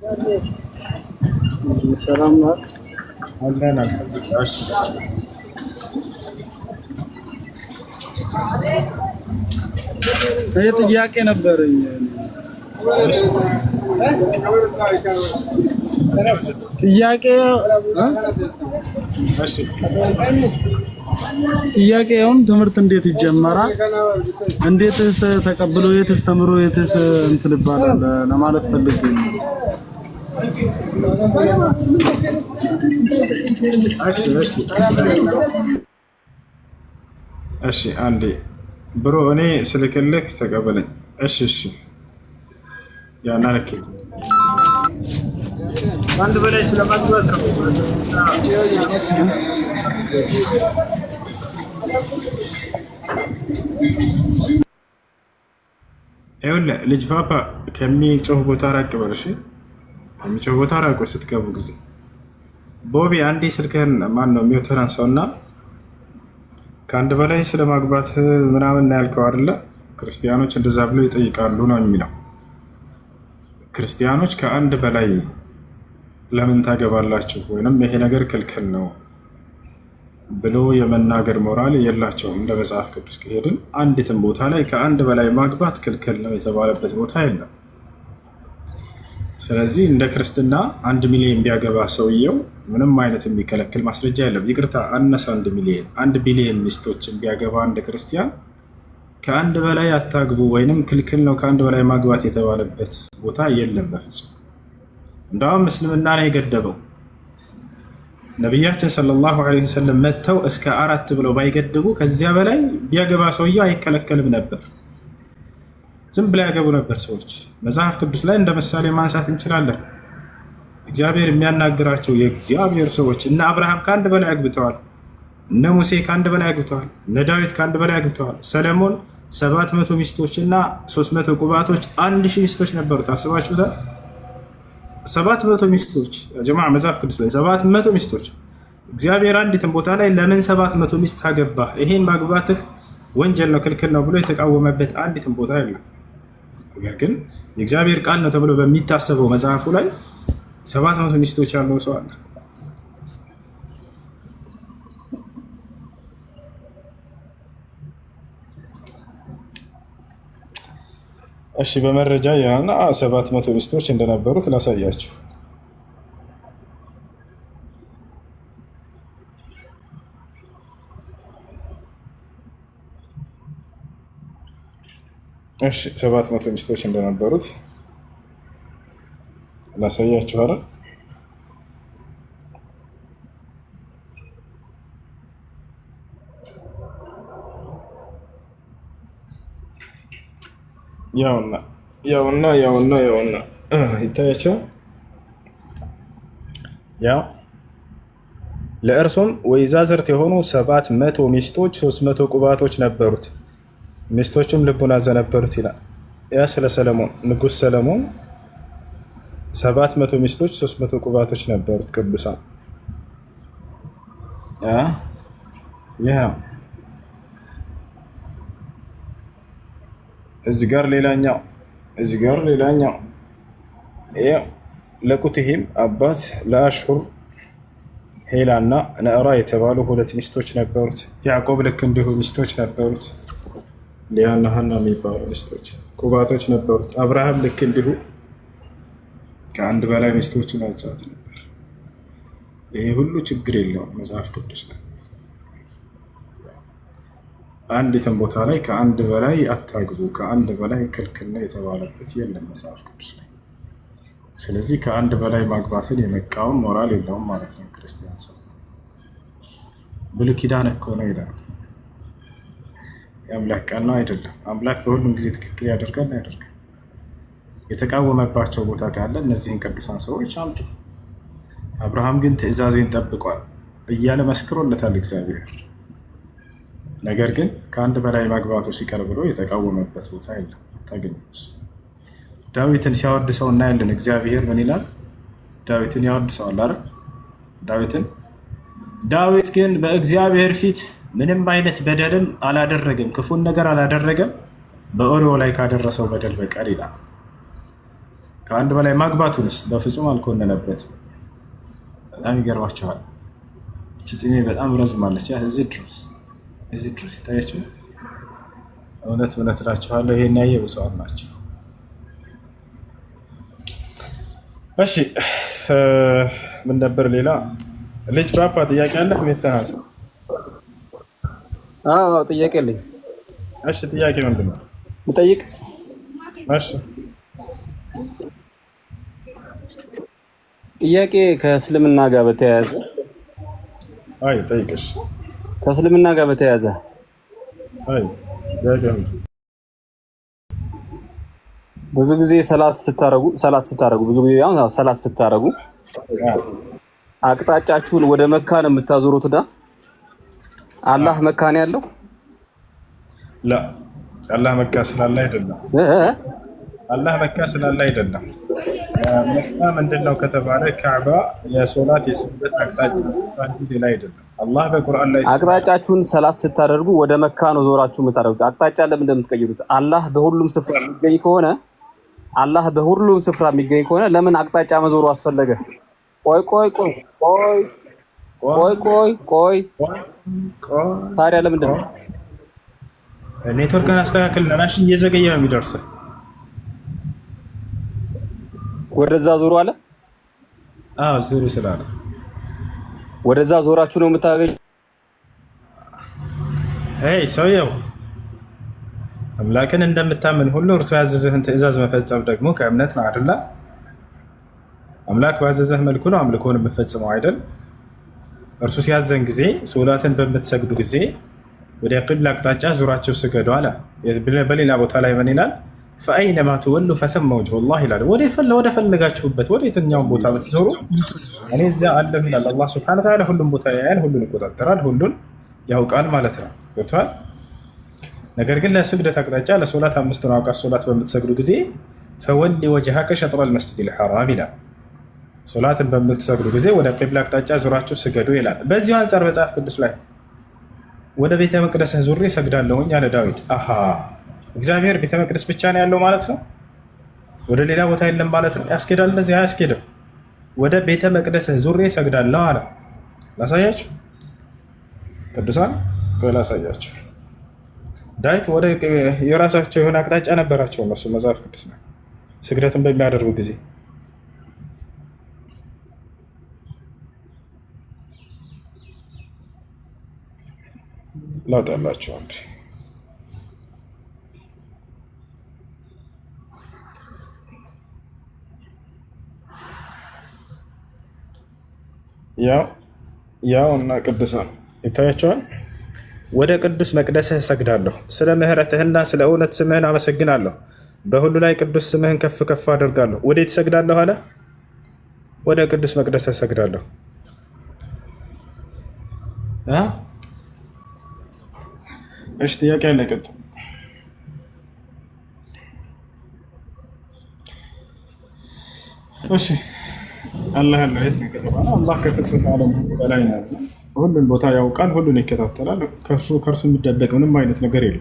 ይህ ጥያቄ ነበረኝ። ጥያቄ ጥያቄውን ትምህርት እንዴት ይጀመራል? እንዴትስ ተቀብሎ የትስ ተምሮ የትስ እንትን ይባላል ለማለት ፈልጌ ነው። እሺ አንዴ ብሮ እኔ ስልክልክ ተቀበለኝ። እሺ እሺ፣ ያና ልክ አንድ በላይ ስለማትወጥ ነው። ይኸውልህ ልጅ ፓፓ ከሚጮህ ቦታ ራቅ በል እሺ። የሚጮህ ቦታ ራቆ ስትገቡ ጊዜ ቦቢ አንዴ ስልክህን ማን ነው የሚውትህን አንሳውና ከአንድ በላይ ስለ ማግባት ምናምን ነው ያልከው አይደለ? ክርስቲያኖች እንደዛ ብለው ይጠይቃሉ ነው የሚለው። ክርስቲያኖች ከአንድ በላይ ለምን ታገባላችሁ ወይም ይሄ ነገር ክልክል ነው ብሎ የመናገር ሞራል የላቸውም። እንደ መጽሐፍ ቅዱስ ከሄድን አንዲትም ቦታ ላይ ከአንድ በላይ ማግባት ክልክል ነው የተባለበት ቦታ የለም። ስለዚህ እንደ ክርስትና አንድ ሚሊዮን ቢያገባ ሰውየው ምንም አይነት የሚከለክል ማስረጃ የለም። ይቅርታ አነሰ አንድ ሚሊዮን አንድ ቢሊዮን ሚስቶችን ቢያገባ አንድ ክርስቲያን ከአንድ በላይ አታግቡ ወይንም ክልክል ነው ከአንድ በላይ ማግባት የተባለበት ቦታ የለም በፍጹም። እንደውም እስልምና ነው የገደበው። ነቢያችን ሰለላሁ ዐለይሂ ወሰለም መጥተው እስከ አራት ብለው ባይገድቡ ከዚያ በላይ ቢያገባ ሰውየው አይከለከልም ነበር። ዝም ብላ ያገቡ ነበር ሰዎች። መጽሐፍ ቅዱስ ላይ እንደ ምሳሌ ማንሳት እንችላለን። እግዚአብሔር የሚያናግራቸው የእግዚአብሔር ሰዎች እነ አብርሃም ከአንድ በላይ አግብተዋል። እነ ሙሴ ከአንድ በላይ አግብተዋል። እነ ዳዊት ከአንድ በላይ አግብተዋል። ሰለሞን ሰባት መቶ ሚስቶች እና ሶስት መቶ ቁባቶች አንድ ሺህ ሚስቶች ነበሩት። ታስባችሁታል። ሰባት መቶ ሚስቶች ጀማ መጽሐፍ ቅዱስ ላይ ሰባት መቶ ሚስቶች። እግዚአብሔር አንዲትን ቦታ ላይ ለምን ሰባት መቶ ሚስት አገባ ይሄን ማግባትህ ወንጀል ነው ክልክል ነው ብሎ የተቃወመበት አንዲትን ቦታ የለም። ነገር ግን የእግዚአብሔር ቃል ነው ተብሎ በሚታሰበው መጽሐፉ ላይ ሰባት መቶ ሚስቶች ያለው ሰው አለ። እሺ በመረጃ ሰባት መቶ ሚስቶች እንደነበሩት ላሳያችሁ። እሺ ሰባት መቶ ሚስቶች እንደነበሩት ላሳያችሁ አይደል? ያውና ያውና ያውና ያውና ይታያቸው ያው ለእርሱም ወይዛዝርት የሆኑ ሰባት መቶ ሚስቶች ሶስት መቶ ቁባቶች ነበሩት። ሚስቶችም ልቡን አዘነበሉት ይላል። ያ ስለ ሰለሞን ንጉስ ሰለሞን ሰባት መቶ ሚስቶች ሶስት መቶ ቁባቶች ነበሩት ቅዱሳን። ይህ ነው። እዚ ጋር ሌላኛው፣ እዚ ጋር ሌላኛው ለቁትሂም አባት ለአሽሁር ሄላና ነዕራ የተባሉ ሁለት ሚስቶች ነበሩት። ያዕቆብ ልክ እንዲሁ ሚስቶች ነበሩት። ሊያና ሀና የሚባሉ ሚስቶች ቁባቶች ነበሩት። አብርሃም ልክ እንዲሁ ከአንድ በላይ ሚስቶችን አጫት ነበር። ይሄ ሁሉ ችግር የለውም መጽሐፍ ቅዱስ ላይ አንዲትን ቦታ ላይ ከአንድ በላይ አታግቡ፣ ከአንድ በላይ ክልክል ነው የተባለበት የለም መጽሐፍ ቅዱስ ላይ። ስለዚህ ከአንድ በላይ ማግባትን የመቃወም ሞራል የለውም ማለት ነው ክርስቲያን ሰው። ብሉይ ኪዳን እኮ ነው ይላል የአምላክ ቃል ነው አይደለም? አምላክ በሁሉም ጊዜ ትክክል ያደርጋል አያደርግም? የተቃወመባቸው ቦታ ካለ እነዚህን ቅዱሳን ሰዎች አምጡ። አብርሃም ግን ትእዛዜን ጠብቋል እያለ መስክሮለታል እግዚአብሔር። ነገር ግን ከአንድ በላይ ማግባቱ ሲቀር ብሎ የተቃወመበት ቦታ የለም አታገኙት። ዳዊትን ሲያወድሰው እናያለን። እግዚአብሔር ምን ይላል? ዳዊትን ያወድሰዋል አይደል? ዳዊትን ዳዊት ግን በእግዚአብሔር ፊት ምንም አይነት በደልም አላደረገም፣ ክፉን ነገር አላደረገም፣ በኦሪዮ ላይ ካደረሰው በደል በቀር ይላል። ከአንድ በላይ ማግባቱንስ በፍጹም አልኮነነበት። በጣም ይገርባቸዋል። ችጽሜ በጣም ረዝማለች። እዚህ ድረስ እዚህ ድረስ ታያቸው። እውነት እውነት እላችኋለሁ ይሄን ያየ ብፁዓን ናቸው። እሺ ምን ነበር ሌላ? ልጅ ባፓ ጥያቄ አለ ሜተናስ አዎ ጥያቄ አለኝ። እሺ ጥያቄ ምንድን ነው? ልጠይቅ። እሺ ጥያቄ ከእስልምና ጋር በተያያዘ አይ ጠይቅሽ። ከእስልምና ጋር በተያያዘ አይ ጥያቄ ብዙ ጊዜ ሰላት ስታረጉ ሰላት ስታረጉ ብዙ ጊዜ ያው ሰላት ስታረጉ አቅጣጫችሁን ወደ መካ ነው የምታዞሩትና አላህ መካ ነው ያለው? ላ አላህ መካ ስላለ አይደለም። አላህ መካ ስላለ አይደለም። መካ ምንድነው ከተባለ ካዕባ የሶላት የስግደት አቅጣጫ ሌላ አይደለም። አላህ በቁርአን ላይ አቅጣጫችሁን ሰላት ስታደርጉ ወደ መካ ነው ዞራችሁ የምታደርጉት። አቅጣጫ ለምን እንደምትቀይሩት አላህ በሁሉም ስፍራ የሚገኝ ከሆነ አላህ በሁሉም ስፍራ የሚገኝ ከሆነ ለምን አቅጣጫ መዞሩ አስፈለገ? ቆይ ቆይ ቆይ ቆይ ቆይ ቆይ ቆይ፣ ታዲያ ለምንድን ነው ኔትወርክን አስተካክል እና እየዘገየ ነው የሚደርሰው። ወደዛ ዞሩ አለ። አዎ ዞሩ ስላለ ወደዛ ዞራችሁ ነው የምታገኝ። አይ ሰውየው አምላክን እንደምታምን ሁሉ እርሱ ያዘዘህን ትእዛዝ መፈጸም ደግሞ ከእምነት ነው አይደል? አምላክ ባዘዘህ መልኩ ነው አምልኮን የምፈጽመው አይደል? እርሱ ሲያዘን ጊዜ ሶላትን በምትሰግዱ ጊዜ ወደ ቂብላ አቅጣጫ ዙራቸው ስገዱ አለ። በሌላ ቦታ ላይ ምን ይላል? ፈአይነማ ትወሉ ፈሰመ ወጅሁላህ ይላል። ወደ ፈለጋችሁበት ወደ የትኛውን ቦታ ብትዞሩ እኔ እዚያ አለሁ ይላል አላህ ሱብሓነሁ ወተዓላ። ሁሉም ቦታ ያያል፣ ሁሉን ይቆጣጠራል፣ ሁሉን ያውቃል ማለት ነው። ገብቷል። ነገር ግን ለስግደት አቅጣጫ ለሶላት አምስት ነው አውቃት ሶላት በምትሰግዱ ጊዜ ፈወሊ ወጅሃከ ሸጥረል መስጂዲል ሐራም ይላል ሶላትን በምትሰግዱ ጊዜ ወደ ቂብላ አቅጣጫ ዙራችሁ ስገዱ ይላል። በዚሁ አንጻር መጽሐፍ ቅዱስ ላይ ወደ ቤተ መቅደስ ዙሬ ሰግዳለሁኝ አለ ዳዊት። አሃ እግዚአብሔር ቤተ መቅደስ ብቻ ነው ያለው ማለት ነው። ወደ ሌላ ቦታ የለም ማለት ነው። ያስኬዳል? እንደዚህ አያስኬድም። ወደ ቤተ መቅደስ ዙሬ ሰግዳለሁ አለ። ላሳያችሁ፣ ቅዱሳን ላሳያችሁ። ዳዊት ወደ የራሳቸው የሆነ አቅጣጫ ነበራቸው እነሱ መጽሐፍ ቅዱስ ነው ስግደትን በሚያደርጉ ጊዜ ላጣላቸው አንድ ያው ያው እና ቅዱሳን ይታያቸዋል። ወደ ቅዱስ መቅደስህ እሰግዳለሁ። ስለ ምሕረትህና ስለ እውነት ስምህን አመሰግናለሁ። በሁሉ ላይ ቅዱስ ስምህን ከፍ ከፍ አደርጋለሁ። ወዴት እሰግዳለሁ አለ? ወደ ቅዱስ መቅደስህ እሰግዳለሁ። اشتیا کہنے کا تم اشی اللہ اللہ اتنے کا تبانا اللہ کے فتر تعالیم بلائن آدنا هل البوتا يوقان هل نكتا ترى كرسو كرسو مجدبك من ماينة نقريل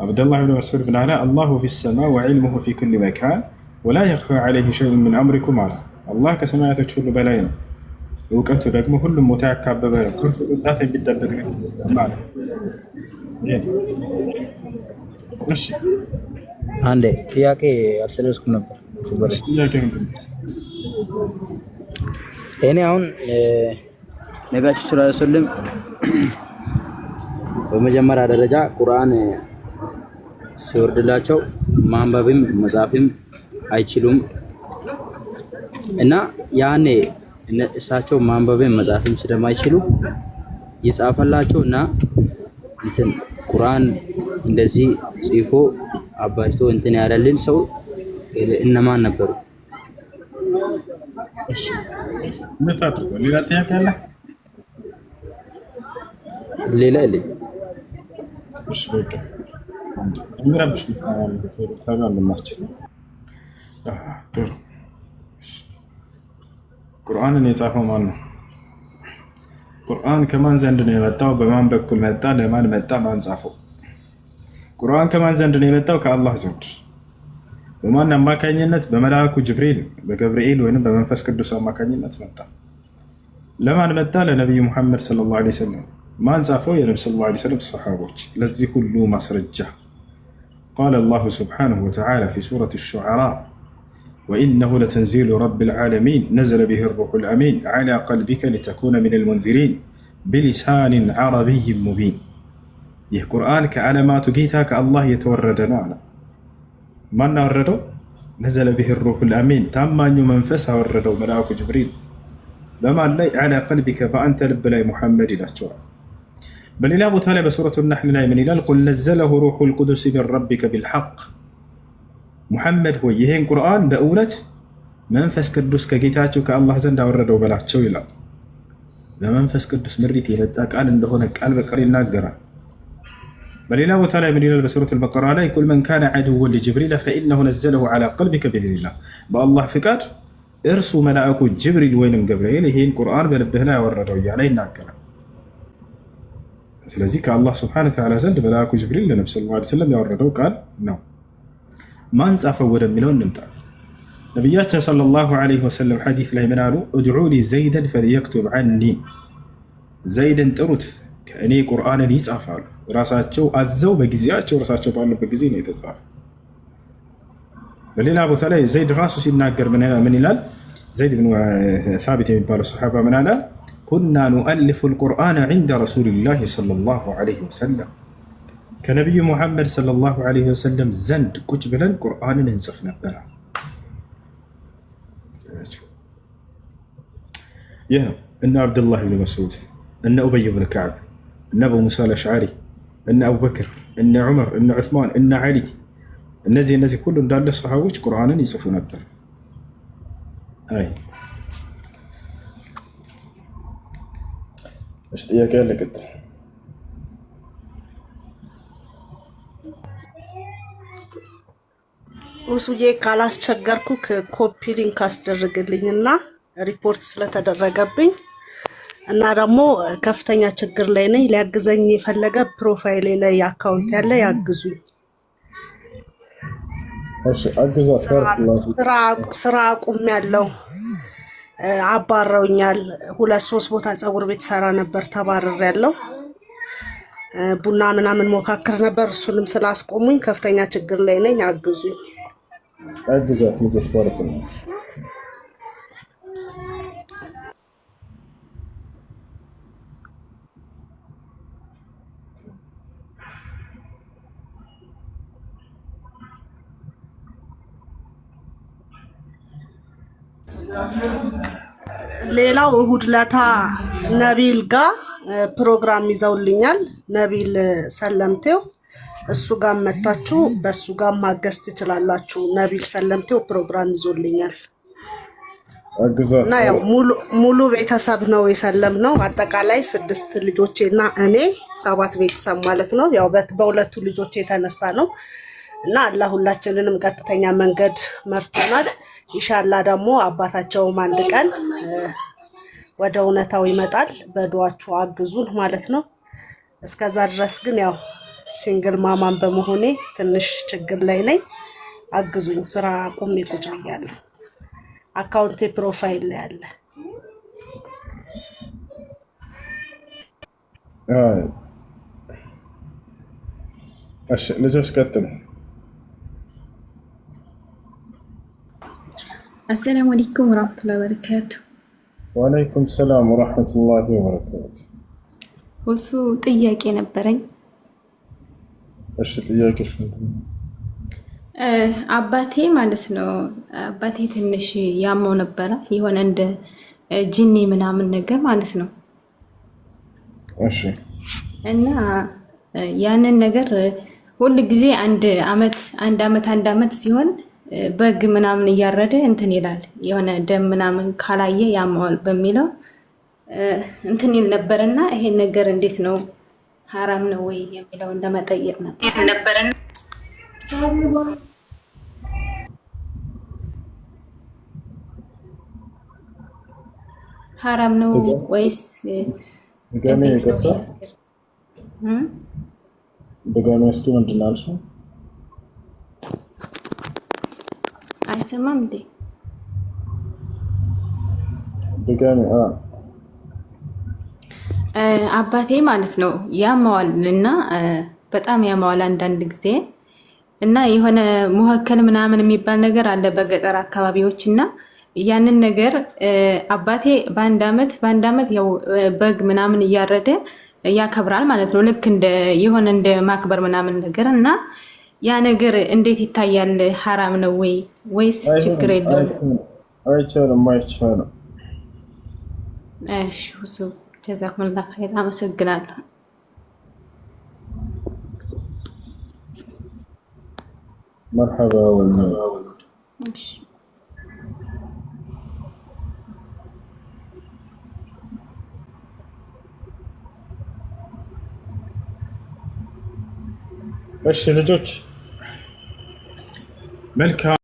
عبد الله بن مسعود بن علاء الله في السماء وعلمه في كل مكان ولا يخفى عليه شيء من أمركم على الله كسمعت تشل بلاينا እውቀቱ ደግሞ ሁሉም ቦታ ያካበበ ነው። ከእርሱ የሚደረግ ማለት አንዴ ጥያቄ አልተደረስኩም ነበር። እኔ አሁን ነጋች ስላ ስልም በመጀመሪያ ደረጃ ቁርአን ሲወርድላቸው ማንበብም መጻፍም አይችሉም እና ያኔ እሳቸው ማንበብን መጻፍም ስለማይችሉ የጻፈላቸው እና እንትን ቁርአን እንደዚህ ጽፎ አባጅቶ እንትን ያለልን ሰው እነማን ነበሩ? ሌላ የለኝም። እንግዲህ ቁርአንን የጻፈው ማን ነው? ቁርአን ከማን ዘንድ ነው የመጣው? በማን በኩል መጣ? ለማን መጣ? ማን ጻፈው? ቁርአን ከማን ዘንድ ነው የመጣው? ከአላህ ዘንድ። በማን አማካኝነት? በመልአኩ ጅብሪል፣ በገብርኤል ወይም በመንፈስ ቅዱስ አማካኝነት መጣ። ለማን መጣ? ለነቢዩ ሙሐመድ ሰለላሁ ዐለይሂ ወሰለም። ማን ጻፈው? የነቢ ሰለላሁ ዐለይሂ ወሰለም ሰሓቦች። ለዚህ ሁሉ ማስረጃ ቃለ አላሁ ስብሓነሁ ወተዓላ ፊ ሱረት ሹዓራ وإنه لتنزيل رب العالمين نزل به الروح الأمين على قلبك لتكون من المنذرين بلسان عربي مبين يه قرآن كعلامات قيتها كالله يتوردنا معنا من أردو؟ نزل به الروح الأمين تم أن يمنفس أردو ملاك جبريل بما لي على قلبك فأنت لب لي محمد لا بل إلى أبو بسورة النحل لا من إلى قل نزله روح القدس من ربك بالحق ሙሐመድ ሆይ ይሄን ቁርአን በእውነት መንፈስ ቅዱስ ከጌታችሁ ከአላህ ዘንድ አወረደው በላቸው ይላል። በመንፈስ ቅዱስ ምሪት የመጣ ቃል እንደሆነ ቃል በቃል ይናገራል። በሌላ ቦታ ላይ ምን ይላል? በሱረት አልበቀራ ላይ ቁል መን ካነ ዐድወን ሊጅብሪል ፈኢነሁ ነዘለሁ ዐላ ቀልቢከ ቢኢዝኒላህ። በአላህ ፍቃድ እርሱ መልአኩ ጅብሪል ወይንም ገብርኤል ይሄን ቁርአን በልብህ ላይ ያወረደው እያለ ይናገራል። ስለዚህ ከአላህ ስብሐነ ወተዓላ ዘንድ መልአኩ ጅብሪል ለነብዩ ሰለላሁ ዐለይሂ ወሰለም ያወረደው ቃል ነው። ማን ጻፈው ወደሚለው እንምጣ። ነቢያችን ሰለላሁ ዐለይሂ ወሰለም ሐዲስ ላይ ምን አሉ? እድዑኒ ዘይደን ፈልየክቱብ ዐኒ፣ ዘይድን ጥሩት ከእኔ ቁርአንን ይጻፋሉ። ራሳቸው አዘው በጊዜያቸው ራሳቸው ባለበት ጊዜ ነው የተጻፈ። በሌላ ቦታ ላይ ዘይድ ራሱ ሲናገር ምን ይላል? ዘይድ ብን ሳቢት የሚባለው ሰሓባ ምን አለ? ኩና ኑአልፉ ልቁርአን ዐንደ ረሱሊላሂ ሰለላሁ ዐለይሂ ወሰለም ከነቢዩ ሙሐመድ ሰለላሁ ዓለይሂ ወሰለም ዘንድ ቁጭ ብለን ቁርአንን እንጽፍ ነበረ። ይህ ነው እነ አብዱላህ ብን መስዑድ፣ እነ ኡበይ ብን ከዓብ፣ እነ አቡ ሙሳ አልአሽዓሪ፣ እነ አቡበክር፣ እነ ዑመር፣ እነ ዑስማን፣ እነ ዓሊ እነዚህ እነዚህ ሁሉ እንዳለ ሰሃቦች ቁርአንን ይጽፉ ነበር። አይ ጥያቄ ያለ ቀጥል ሁሱዬ ካላስቸገርኩ ኮፒ ሊንክ አስደርግልኝ እና ሪፖርት ስለተደረገብኝ እና ደግሞ ከፍተኛ ችግር ላይ ነኝ። ሊያግዘኝ የፈለገ ፕሮፋይሌ ላይ አካውንት ያለ ያግዙኝ። ስራ አቁም ያለው አባረውኛል። ሁለት ሶስት ቦታ ፀጉር ቤት ሰራ ነበር ተባረር ያለው ቡና ምናምን ሞካክር ነበር። እሱንም ስላስቆሙኝ ከፍተኛ ችግር ላይ ነኝ። አግዙኝ። አግዛት ልጆች ባርኩ ነው። ሌላው እሁድ ለታ ነቢል ጋር ፕሮግራም ይዘውልኛል። ነቢል ሰለምቴው እሱ ጋር መታችሁ በእሱ ጋር ማገዝ ትችላላችሁ። ነቢል ሰለምቴው ፕሮግራም ይዞልኛል እና ያው ሙሉ ቤተሰብ ነው የሰለም ነው። አጠቃላይ ስድስት ልጆቼ እና እኔ ሰባት ቤተሰብ ማለት ነው። ያው በሁለቱ ልጆች የተነሳ ነው እና አላህ ሁላችንንም ቀጥተኛ መንገድ መርቶናል። ይሻላ ደግሞ አባታቸውም አንድ ቀን ወደ እውነታው ይመጣል። በዱዋችሁ አግዙን ማለት ነው። እስከዛ ድረስ ግን ያው ሲንግል ማማን በመሆኔ ትንሽ ችግር ላይ ነኝ። አግዙኝ። ስራ አቁሜ ቁጭ ብያለሁ። አካውንቴ ፕሮፋይል ላይ አለ። ልጆች ቀጥሉ። አሰላሙ አለይኩም ወራህመቱላሂ ወበረካቱ። ወአለይኩም ሰላም ወራህመቱላሂ ወበረካቱ። እሱ ጥያቄ ነበረኝ እሺ ጥያቄሽ ምንድን ነው? አባቴ ማለት ነው አባቴ ትንሽ ያመው ነበረ የሆነ እንደ ጅኒ ምናምን ነገር ማለት ነው። እሺ እና ያንን ነገር ሁል ጊዜ አንድ አመት አንድ አመት አንድ አመት ሲሆን በግ ምናምን እያረደ እንትን ይላል የሆነ ደም ምናምን ካላየ ያመዋል በሚለው እንትን ይል ነበርና ይሄን ነገር እንዴት ነው ሀራም ነው ወይ የሚለውን ለመጠየቅ ነበር። ሀራም ነው ወይስ ድጋሚ እስኪ ምንድን ነው ያልሽው? አይሰማም እንዴ? ድጋሚ አባቴ ማለት ነው ያማዋል እና በጣም ያማዋል አንዳንድ ጊዜ እና የሆነ መካከል ምናምን የሚባል ነገር አለ በገጠር አካባቢዎች እና ያንን ነገር አባቴ በአንድ አመት በአንድ አመት ያው በግ ምናምን እያረደ ያከብራል ማለት ነው። ልክ እንደ የሆነ እንደ ማክበር ምናምን ነገር እና ያ ነገር እንዴት ይታያል? ሀራም ነው ወይ ወይስ ችግር የለውም? አይቻልም አይቻልም። እሺ جزاكم الله خير أنا أمسجلالها مرحبا والنور ماشي رجوك ملكه